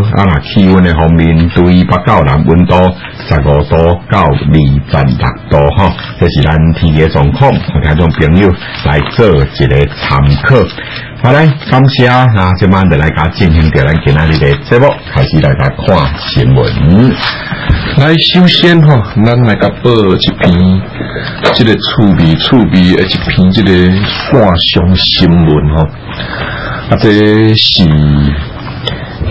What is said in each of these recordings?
啊，氣溫的方面，對於北較南溫度十五度到二十六度哈，這是南天嘅狀況。我哋聽眾朋友來做一個參考。好、啊、咧，感謝，謝啊，今晚就來家進行掉，咱今日呢個節目開始，大家看新聞。來，首先哈，咱嚟家報一篇，這個、一個趣味、趣味嘅一篇，一、這個線上新聞哈、哦，啊，這是。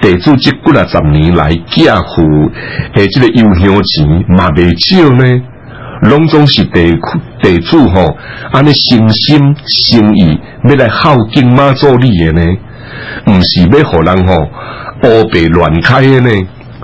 地主即幾十年來寄付的即個油香錢嘛未少呢。攏總是地地主吼、哦，安尼心心心意要來孝敬媽祖利嘅呢，唔是要荷人吼、哦，烏白亂開嘅呢。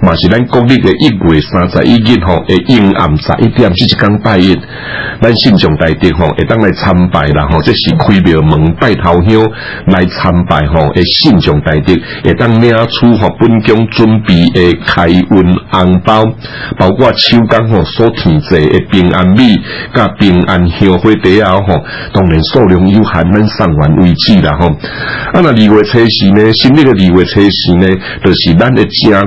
嘛是咱國曆嘅一月三十一日吼，誒陰暗十一點，即是剛拜一，咱信眾大德吼，會當來參拜啦吼，這是開廟門拜頭香來參拜吼，誒信眾大德，會當領取好本宮準備誒開運紅包，包括手工吼、所甜蔗、誒平安米、甲平安香灰碟啊吼，當然數量有限，咱送完為止啦吼。啊那二月七日呢，新曆嘅二月七日呢，都、就是咱嘅家。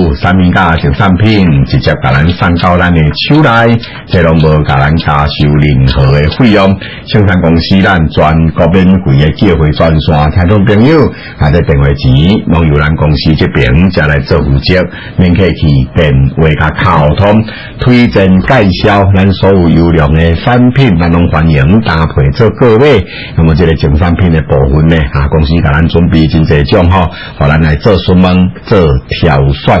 三品價是商品，直接甲咱送到咱嘅手內，即攏無給咱加收任何嘅費用。生產公司咱全國免費嘅機會轉送聽眾朋友，還得電話機，讓由咱公司這邊再來做負責，您可以去邊為他溝通、推薦、介紹，介紹咱所有優良嘅產品，咱攏歡迎搭配做各位。那麼，這個獎商品嘅部分呢？啊公司甲咱準備真儕獎哈，好，咱來做詢問、做挑選。